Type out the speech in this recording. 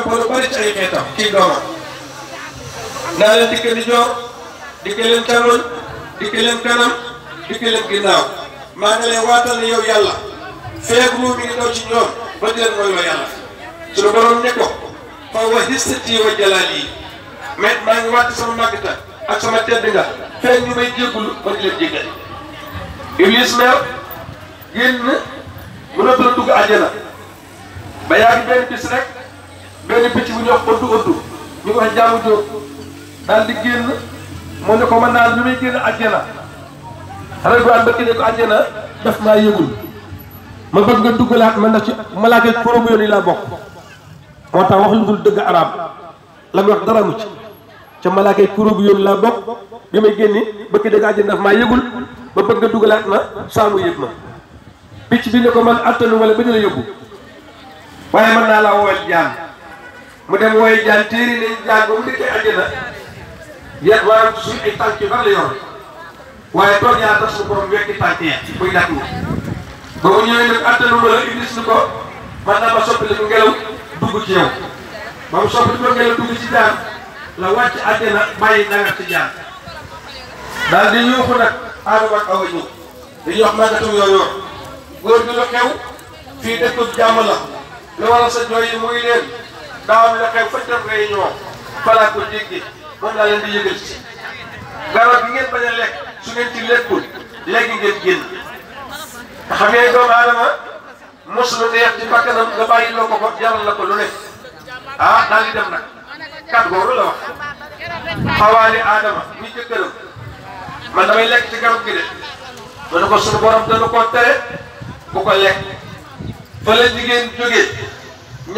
ba lu bari ci ay naa leen dikke di joor dikke leen càmmoñ dikke leen kanam ginnaaw maa ngi leen waatal ne yow yàlla feeg ruu mi ngi daw ci ñoom ba di leen mooy loo yàlla suñu borom ne ko fa wa hissati wa jalaali yi mais maa ngi wàtt sama màgg ak sama tedd nga feeg ñu may jéggulu ba di leen jéggal iblis meew génn mënatul dugg àjjana ba yaa ngi benn bis rek benn picc bu ñuy wax oddu oddu ñu ko wax jaamu jóob daal di génn mu ne ko man daal ñu may génn àjjana xale bu baax bëgg ne ko àjjana daf maa yëgul ma bëgg nga duggalaat man na ci malaaka koromu yoon yi laa bokk moo tax wax lu dul dëgg arab la mu wax mu ci ca malaaka koromu yoon laa bokk bi may génni bëgg dëgg àjjana daf maa yëgul ma bëgg nga duggalaat ma saamu yëg picc bi ne ko mën attanu wala ba ñu la yóbbu waaye mën naa la woowal jaan mu dem wooy jaan téeri nañ jaan ba mu dikkee àjjana yet waram suñ ay tànk yu bari la waaye toog yaa tax suñu borom wekki tànk ya muy dàkku ba mu ñëwee nag attanu la iblis ni ko man naa ma soppali ngelaw dugg ci yow ba mu soppali ko ngelaw dugg ci jaan la wàcc àjjana bàyyi nangar ci jaan daal di yuuxu nag Adama ak Awa ñëw dañuy wax magatum yoo gi lu xew fii dëkkub jàmm la lu waral sa jooy yi muy leen daaw la xew fañ def réunion falaa ko jéggi moom laa leen di yëgal ci garab gi ngeen bañ a lekk su ngeen ci lekkul léegi ngeen génn a xam ngeen doomu aadama mos lu neex ci bakkanam nga bàyyi loo ko ko la ko lu ne ah daal di dem nag kat boobu la wax xawaani aadama muy jëkkëram man damay lekk ci garab gi de ma ne ko suñu borom dana ko tere bu ko lekk fa la jigéen jógee